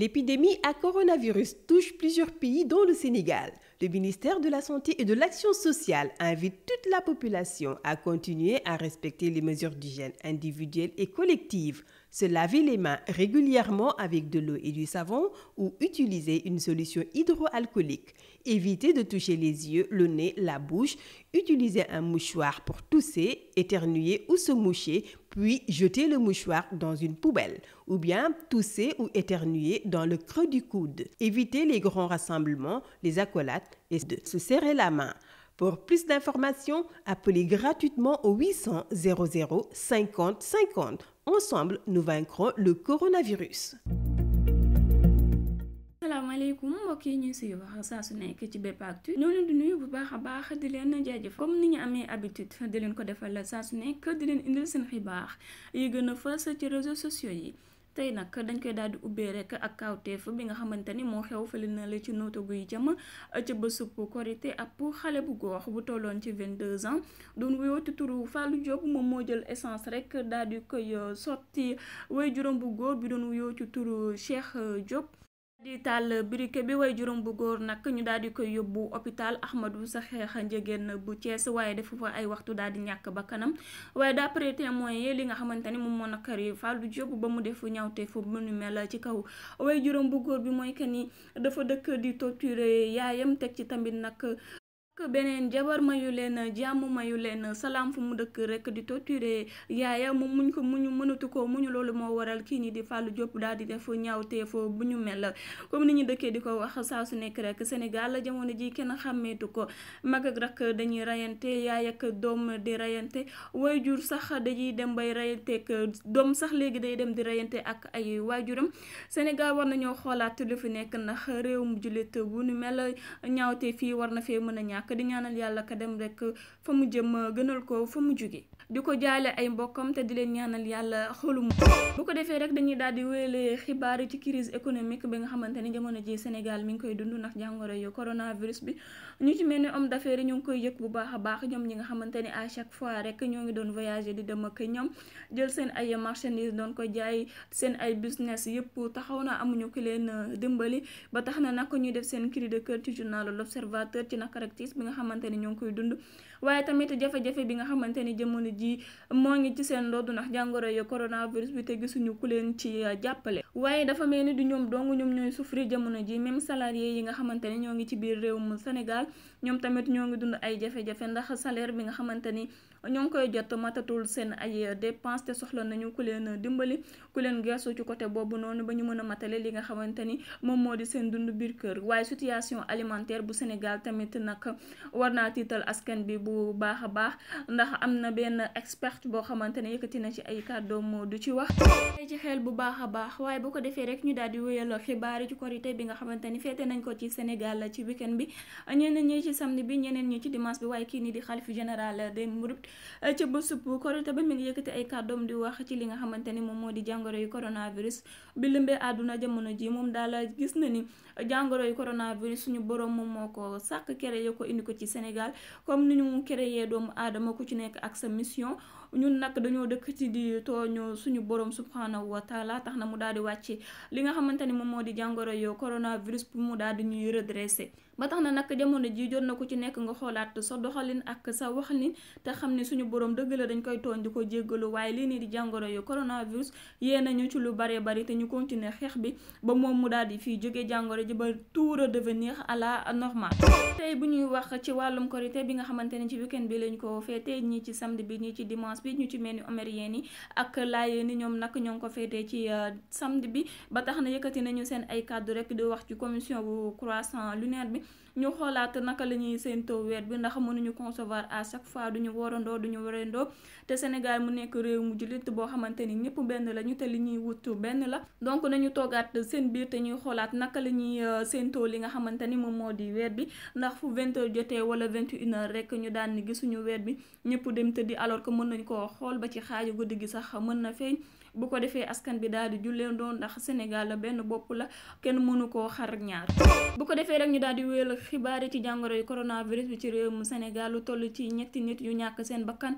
L'épidémie à coronavirus touche plusieurs pays dont le Sénégal. Le ministère de la Santé et de l'Action sociale invite toute la population à continuer à respecter les mesures d'hygiène individuelles et collectives, se laver les mains régulièrement avec de l'eau et du savon ou utiliser une solution hydroalcoolique, éviter de toucher les yeux, le nez, la bouche, utiliser un mouchoir pour tousser, éternuer ou se moucher puis jeter le mouchoir dans une poubelle, ou bien tousser ou éternuer dans le creux du coude. Évitez les grands rassemblements, les accolades et se serrer la main. Pour plus d'informations, appelez gratuitement au 800 00 50 50. Ensemble, nous vaincrons le coronavirus. asalaamaaleykum mbokk yi ñuy suivre saa su nekk ci bépp actu ñoo leen di nuyu bu baax a baax di leen jaajëf comme ni ñu amee habitude di leen ko defal saa su nekk di leen indil seen xibaar yi gën a fës ci réseaux sociaux yi tey nag dañ koy daal di ubbee rek ak kawteef bi nga xamante ni moo xew fële na la ci nooto guy jëm ca bésub korite ab xale bu góor bu tolloon ci vingt 22 ans doon wuyoo ci turu Fallou Diop moom moo jël essence rek daal di koy sotti way juróom bu góor bi doon wuyoo ci turu Cheikh di taal briquet bi way juróom bu góor nag ñu daal di koy yóbbu hôpital Ahmadou Sakhir Ndiéguène bu Thiès waaye dafa fa ay waxtu daal di ñàkk ba kanam waaye d'après témoins yi li nga xamante ni moom moo nakari Fallou Diop ba mu def ñawte fu mu nu mel ci kaw way juróom bu góor bi mooy que ni dafa dëkk di torturer yaayam teg ci tamit nag beneen jabar mayu leen jàmm mayu leen salaam fu mu dëkk rek di torturer yaaya mu muñ ko ñu mënatu ko muñu loolu moo waral kii nii di Fallou Diop daal di def ñaawteef bu ñu mel comme ni ñu dëkkee di ko wax saa su nekk rek Sénégal jamono ji kenn xàmmeetu ko mag rak dañuy rayante yaay ak doom di rayante waajur sax dañuy dem bay rayanteeg doom sax léegi day dem di rayante ak ay waajuram Sénégal war nañoo xoolaat lu fi nekk ndax réewum jullit bu ñu mel ñaawteef fii war na fee mën a ñàkk que di ñaanal yàlla ka dem rek fa mu jëm gënal ko fa mu jóge di ko jaale ay mbokkam te di leen ñaanal yàlla xolu mu ko defee rek dañuy daal di wéyale xibaar ci crise économique bi nga xamante ni jamono ji Sénégal mi ngi koy dund ndax jàngoro yu coronavirus bi ñu ci mel ni homme d'affaires yi ñu ngi koy yëg bu baax a baax ñoom ñi nga xamante ni à chaque fois rek ñoo ngi doon voyager di dem ak ñoom jël seen ay marchandise doon ko jaay seen ay business yëpp taxaw na amuñu ku leen euh, dimbali ba tax na naka ñuy def seen cri de cœur ci journal l'Observateur ci na rek bi nga xamante ni ñoo ngi koy dund waaye tamit jafe bi nga xamante ni jamono ji moo ngi ci seen ndodd ndax jàngoro yo coronavirus bi te gisuñu ku leen ci euh, jàppale waaye dafa mel ni du ñoom dong ñoom ñooy souffrir jamono ji même salarié yi nga xamante ne ñoo ngi ci biir réew mu Sénégal ñoom tamit ñoo ngi dund ay jafe-jafe ndax salaire bi nga xamante ni ñoo ngi koy jot matatul seen ay dépense te soxla nañu ku leen dimbali ku leen geesu ci côté boobu noonu ba ñu mën a matale li nga xamante ni moom moo di seen dund biir kër waaye situation alimentaire bu Sénégal tamit nag war naa tiital askan bi bu baax a baax ndax am na benn expert boo xamante ne yëkkati na ci ay kàddoom du ci wax ci xel bu baax a baax waaye bu ko defee rek ñu daal di wéyal xibaar yi ci korité bi nga xamante ni féete nañ ko ci Sénégal ci weekend bi ñeneen ñi ci samedi bi ñeneen ñi ci dimanche waaye kii nii di xalifu général des mourides Eh, ca bésub korite ba mi ngi yëkkati ay kàddoom di wax ci li nga xamante ni moom moo di jàngoro yu coronavirus bi lëmbee àdduna jamono ji moom daala na ni jàngoro yu coronavirus suñu moom moo ko sàkk kere yo ko indi ko ci Sénégal comme ni ñu créé doomu aadama ku ci nekk ak sa mission ñun nag dañoo dëkk ci di tooñu suñu borom subhanahu wa taala tax na mu daal di wàcce li nga xamante ni moom moo di jàngoro yoo coronavirus pour mu daal di ñuy redressé ba tax na nag jamono ji jot na ku ci nekk nga xoolaat sa doxalin ak sa waxalin te xam ni suñu borom dëgg la dañ koy tooñ di ko jéggalu waaye lii nii di jàngoro yu coronavirus yee nañu ci lu bare bari te ñu continuer xeex bi ba moom mu daal di fii jóge jàngoro ji ba tout redevenir à la tey bu ñuy wax ci wàllum korité bi nga xamante ci weekend bi lañ ko féetee ñii ci samedi bi ñii ci dimanche bi ñu ci mel ni omérien yi ak laayeen yi ñoom nag ñoo ngi ko féetee ci euh, samedi bi ba tax na yëkkati nañu seen ay kàddu rek di wax ci commission bu croissant lunaire bi ñu xoolaat naka la ñuy séentoo weer bi ndax mënuñu concevoir à chaque fois duñu àndandoo du ñu warandoo te Sénégal mu nekk réew mu jullit boo xamante ni ñëpp benn lañu te li ñuy wut benn la donc nañu toggaat seen biir te ñuy xoolaat naka la ñuy euh, séentoo li nga xamante ni moom moo di weer bi ndax fu 20 jotee wala 21 heures rek ñu daan gisuñu weer bi ñëpp dem tëddi alors que mën nañu koo xool ba ci xaaju guddi gi sax mën na feeñ bu ko defee askan bi daal di doon ndax Sénégal la benn bopp la kenn mënu ko xar ñaar bu ko defee rek ñu daal di wéyal xibaar yi ci jàngoro yu coronavirus bi ci réew mu Sénégal lu toll ci ñetti nit yu ñàkk seen bakkan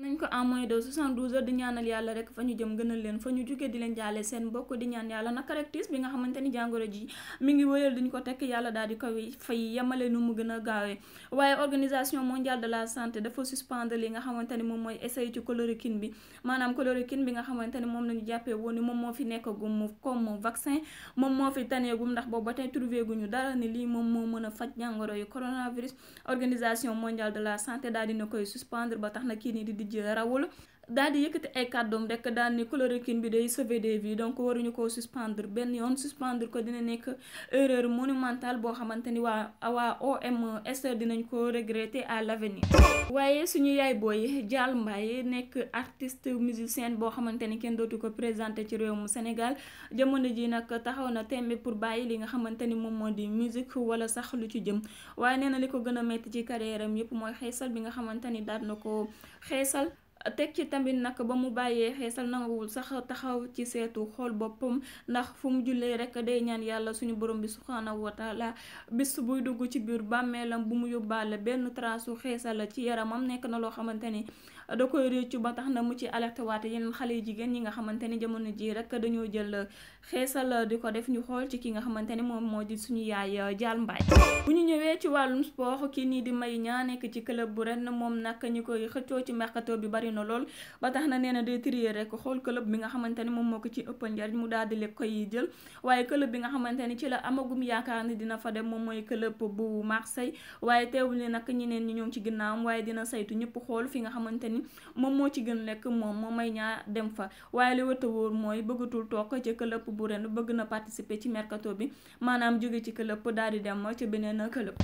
nañ ko en moins de 72 heures di ñaanal yàlla rek fa ñu jëm gënal leen fa ñu jugee di leen jaale seen bokk di ñaan yàlla naka rek tiis bi nga xamante jàngoro ji mi ngi wëyal duñ ko tekk yàlla daal di koy a gaawee waaye organisation mondiale de la suspendre li nga xamante ni moom mooy essai ci chloroquine bi maanaam chloroquine bi nga xamante ni moom lañu jàppee woon ni moom moo fi nekk gum comme vaccin moom moo fi taneegum ndax boobu ba tey trouvé guñu ni lii moom moo mën a faj jàngoro yu coronavirus organisation mondiale la santé di jël rawul daal di yëkkati ay kàddoom rek daal ni chloroquine bi day sauver des vies donc waruñu koo suspendre benn yoon suspendre ko dina nekk erreur monumentale boo xamante ni waa waa OMS dinañ ko regretter à l'avenir waaye suñu yaay booy Dial Mbaye nekk artiste musicien boo xamante ni kenn dootu ko présenté ci réew mu Sénégal jamono ji nag taxaw na tembe pour bàyyi li nga xamante ni moom moo di musique wala sax lu ci jëm waaye nee na li ko gën a metti ci carrière am yëpp mooy xeesal bi nga xamante ni daal na ko xeesal teg ci tamit nag ba mu bàyyee xeesal nanguwul sax taxaw ci seetu xool boppam ndax fu mu jullee rek day ñaan yàlla suñu borom bi subhaanahu wa taala bis buy dugg ci biir bàmmeelam bu mu yóbbaale benn trasu xeesal la ci yaramam nekk na loo xamante ni da koy réccu ba tax na mu ci alerté waate yeneen xale yu jigéen ñi nga xamante ni jamono jii rek dañoo jël xeesal di ko def ñu xool ci ki nga xamante ni moom moo di suñu yaay euh, Dial Mbaye bu ñu ñëwee ci wàllum sport kii nii di may ñaa nekk ci club bu ren moom nag ñi koy xëccoo ci mercato bi bari na lool ba tax na nee na day rek xool club bi nga xamante ni moom moo ko ci ëppal njariñ mu daal di lekk koy jël waaye club bi nga xamante ni ci la amagum yaakaar ni dina fa dem moom mooy club bu Marseille waaye teewul ni nag neen ñi ñoom ci ginnaawam waaye dina saytu ñëpp xool fi nga xamante ni moom moo ci gën nekk moom moo may ñaar dem fa waaye li wëta wóor mooy bëggatul toog ca club bu ren bëgg na participer ci mercato bi maanaam jóge ci club daal di dem ca beneen club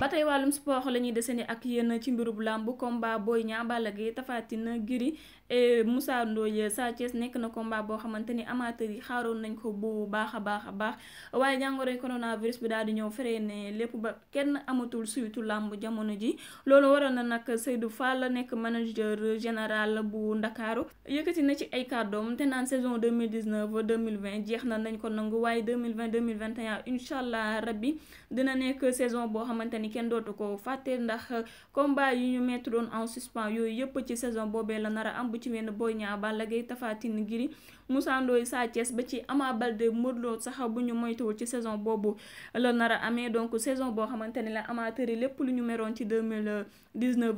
ba tey wàllum sport la ñuy deseni ak yenn ci mbirub làmb combat booy Niang Balla Gaye Tapha Tine Gris E, Moussa Ndoye Sa Thiès nekk na combat boo xamante ni amateur yi xaaroon nañ ko bu baax a baax a baax waaye jàngoroy coronavirus bi daal di ñëw ne lépp ba kenn amatul suytu làmb jamono ji loolu waroon na nag Seydou la nekk manager général bu Ndakaaru yëkkati na ci ay kàddoom te naan saison 2019 2020 jeex na nañ ko nangu waaye 2020 2021 incha allah rabbi dina nekk saison boo xamante ni kenn dootu ko fàtte ndax combat yi ñu mettre en suspens yooyu yëpp ci saison boobee la nar a am. bu ci mel Boy Niang Balla Gaye Tapha Tine Gris Moussa Ndoye Sa ba ci Ama Baldé Modou Lô bu ñu moytuwul ci saison boobu la nar a amee donc saison boo xamante ne la amateur yi lépp lu ñu meroon ci 2019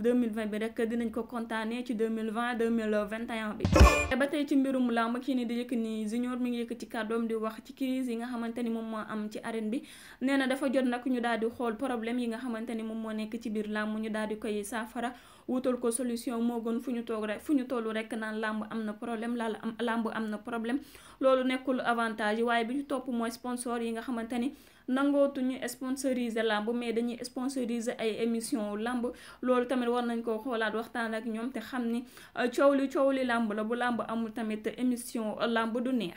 2020 bi rek dinañ ko kontaanee ci 2020 2021 bi ba tey ci mbirum làmb kii ni di Yékini Junior mi ngi yëkk ci kàddoom di wax ci crise yi nga xamante ni moom moo am ci arène bi nee na dafa jot nag ñu daal xool problème yi nga xamante ni moom moo nekk ci biir làmb ñu wutal ko solution moo gën fu ñu toog rek fu ñu toll rek naan làmb am na problème laala am làmb am na problème loolu nekkul avantage waaye bi ñu topp mooy sponsor yi nga xamante ni nangootuñu sponsoriser làmb mais dañuy sponsoriser ay émission làmb loolu tamit war nañ ko xoolaat waxtaan ak ñoom te xam ni coow li coow li làmb la bu làmb amul tamit émission làmb du neex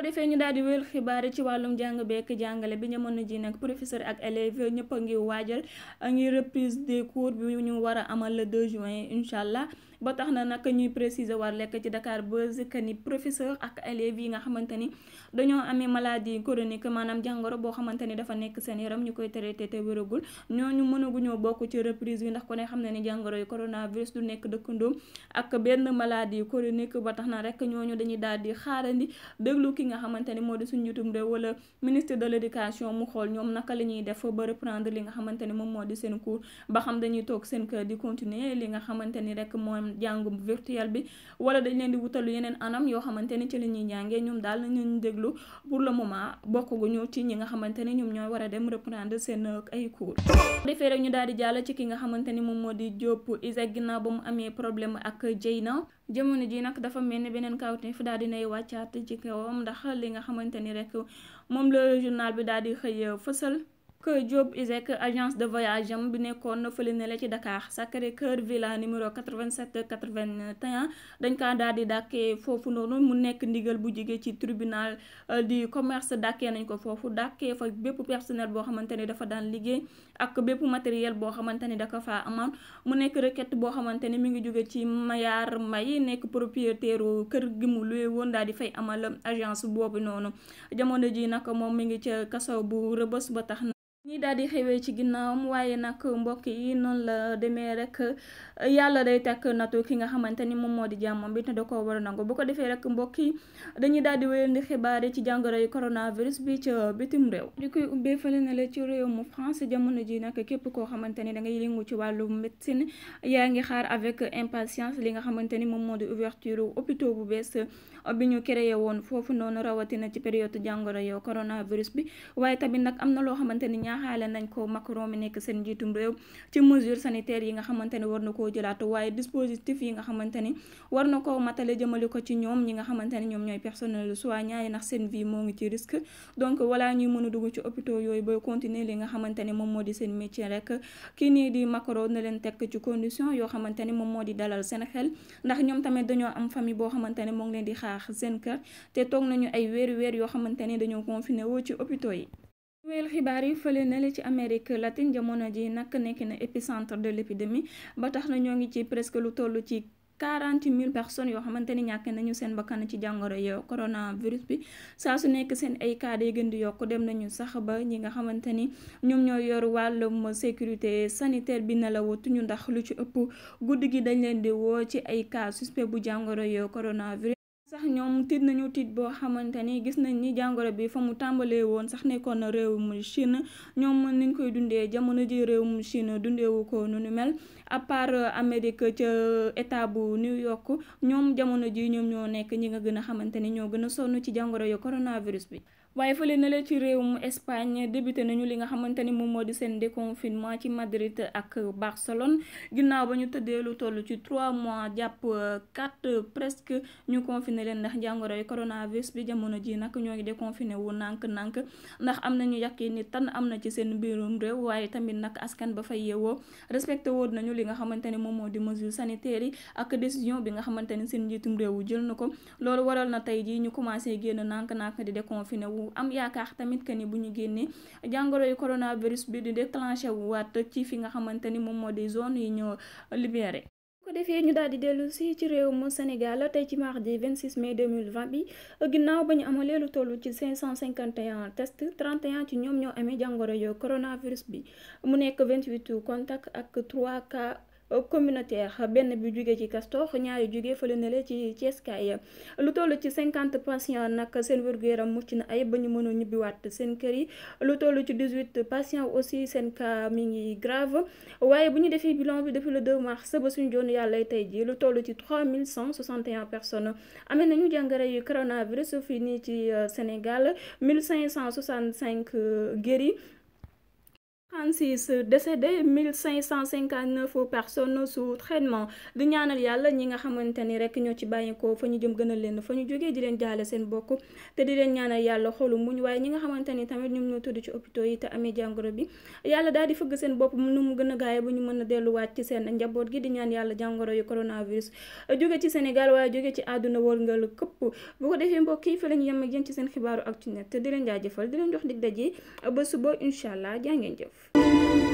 bu defee ñu daal di wéyal xibaar ci wàllum jàng bekk jàngale bi jamono ji nag professeur ak élève ñëpp a ngi waajal ngir reprise des cours bi ñu war amal le 2 juin incha allah ba tax na nag ñuy préciser war lekk ci Dakar ba que ni professeur ak élèves yi nga xamante ni dañoo amee maladie chronique maanaam jàngoro boo xamante ni dafa nekk seen yaram ñu koy traité te wéragul ñooñu mënaguñoo bokk ci reprise bi ndax ko ne xam ne ni jàngoro yi coronavirus du nekk dëkkandoom ak benn maladie chronique ba tax na rek ñooñu dañuy daal di xaarandi nga xamante ni moo di suñu njiitum réew wala ministre de l' mu xool ñoom naka la def ba reprendre li nga xamante moom moo di seen cours ba xam dañuy toog seen kër a dafa mel beneen kawte fi daal dinay wàccaat ci kawam ndax li nga xamante ni rek moom la journal bi daal di xëy fësal que Diop ISEC agence de voyage am bi nekkoon fële ne la ci dakaar Sacré-Cœur villa numéro 87 81 dañ kaa daal di dàkkee foofu noonu mu nekk ndigal bu jege ci tribunal euh, di commerce dàkkee nañ ko foofu dàkkee fa bépp personnel boo xamante ni dafa daan liggéey ak bépp matériel boo xamante ni dafa faa amoon mu nekk requête boo xamante ni mi ngi jóge ci Mayaar Mbay nekk propriétaire kër gi mu luye woon daal di fay amal agence boobu noonu jamono ji nag moom mi ngi ca kaso bu rëbës ba tax ñi daal di xewee ci ginnaawam waaye nag mbokk yi noonu la demee rek yàlla day takk natu ki nga xamante ni moom moo di jàmmam bi te da koo war a nangu bu ko defee rek mbokk yi dañuy daal di wéyandi xibaar yi ci jàngoro yi coronavirus bi ca bitim réew. di koy ubbee fële na la ci réew mu France jamono ji nag képp koo xamante ni da ngay yëngu ci wàllu médecine yaa ngi xaar avec impatience li nga xamante ni moom moo di ouverture hôpital bu bees bi ñu créé woon noonu rawatina ci période jàngoro yi coronavirus bi waaye tamit nag am na loo xamante ni taxaale nañ ko Macron mi nekk seen njiitum réew ci mesure sanitaire yi nga xamante ne war na koo jëlaatu waaye dispositif yi nga xamante ni war na koo matale jëmale ko ci ñoom ñi nga xamante ne ñoom ñooy personnel soignant yi ndax seen vie moo ngi ci risque donc wala ñuy mëna dugg ci hôpitaux yooyu ba continuer li nga xamante ne moom moo di seen métier rek kii nii di Macron na leen tekk ci condition yoo xamante ne moom moo di dalal seen xel ndax ñoom tamit dañoo am famille boo xamante ne moo ngi leen di xaar seen kër toog nañu ay weer weer yoo xamante ne dañoo confiné woo ci hôpitaux yi weel xibaar yi fële na li ci Amérique latine jamono ji nag nekk na épicentre de l'épidémie ba tax na ñoo ngi ci presque lu toll ci quarante mille personnes yoo xamante ni ñàkk nañu seen bakkan ci jàngoro yo coronavirus bi saa su nekk seen ay cas day gën di yokk dem nañu sax ba ñi nga xamante ni ñoom ñoo yor wàll wàllum sécurité sanitaire bi na la ñu ndax lu ci ëpp guddi gi dañ leen di woo ci ay cas suspect bu jàngoro yo coronavirus sax ñoom tiit nañu tiit boo xamante ni gis nañ ni jàngoro bi fa mu tàmbalee woon sax nekkoon na réewum Chine ñoom mën niñ koy dundee jamono ji réewum Chine dundeewu ko nu nu mel à part euh, Amérique ca euh, état bu New York ñoom jamono ji ñoom ñoo nekk ñi nga gën a xamante ni ñoo gën a sonn ci jàngoro yu coronavirus bi. waaye fële na la ci réew réewum Espagne débuté nañu li nga xamante ni moom moo di seen déconfinement ci Madrid ak Barcelone ginnaaw ba ñu tëddee lu toll ci 3 mois jàpp 4 euh, presque ñu confiné leen ndax jàngoroy coronavirus bi jamono ji nag ñoo ngi déconfiné wu nànk-nànk ndax am nañu yàqi ni tan am na ci seen biirum réew waaye tamit nag askan ba fa yeewoo respecté woon nañu li nga xamante ni moom moo di mesure sanitaire yi ak décision bi nga xamante ni seen njiitum réew jël na ko loolu waral na tey ji ñu commencé génn nànk-nànk di déconfiné wu am yaakaar tamit que ni bu ñu génnee jàngoro yu coronavirus bi di déclenché waat ci fi nga xamante ni moom zone yi ñoo libéré. ko defee ñu daal dellu ci réew mu Sénégal tey ci mardi 26 mai 2020 bi ginnaaw ba ñu amalee lu ci test ci ñoom ñoo amee jàngoro yo coronavirus bi mu nekk contact ak 3 cas communautaire benn bi jugee ci Castor ñaari jugee fële ne la ci Thiès kaay lu toll ci cinquante patients nag seen wér-gu-yaram mucc na ay ba ñu mën a ñibbiwaat seen kër yi lu toll ci dix-huit patients aussi seen cas mi ngi grave waaye bu ñu defee bilan bi depuis le 2 mars ba suñu joon yàlla tey ji lu toll ci trois mille cent soixante et un personnes amee ñu jàngare yu coronavirus fi nii ci euh, Sénégal mille cinq cent soixante-cinq euh, guéris. 36 décédés 1559 personnes sous traitement di ñaanal yàlla ñi nga xamante ni rek ñoo ci bàyyikoo fa ñu jëm gënal leen fa ñu jógee di leen jaale seen bokk te di leen ñaanal yàlla xolu muñ waaye ñi nga xamante ni tamit ñoom ñoo tëdd ci hôpitaux yi te amee jàngoro bi yàlla daal di fëgg seen bopp nu mu gën a gaaye ba ñu mën a delluwaat ci seen njaboot gi di ñaan yàlla jàngoro yu coronavirus jóge ci Sénégal waaye jóge ci àdduna wërngal këpp bu ko defee mbokk yi fa ñu yem ak yéen seen xibaaru Actu Net te di leen jaajëfal di leen jox dig daje ba suba incha Thank you.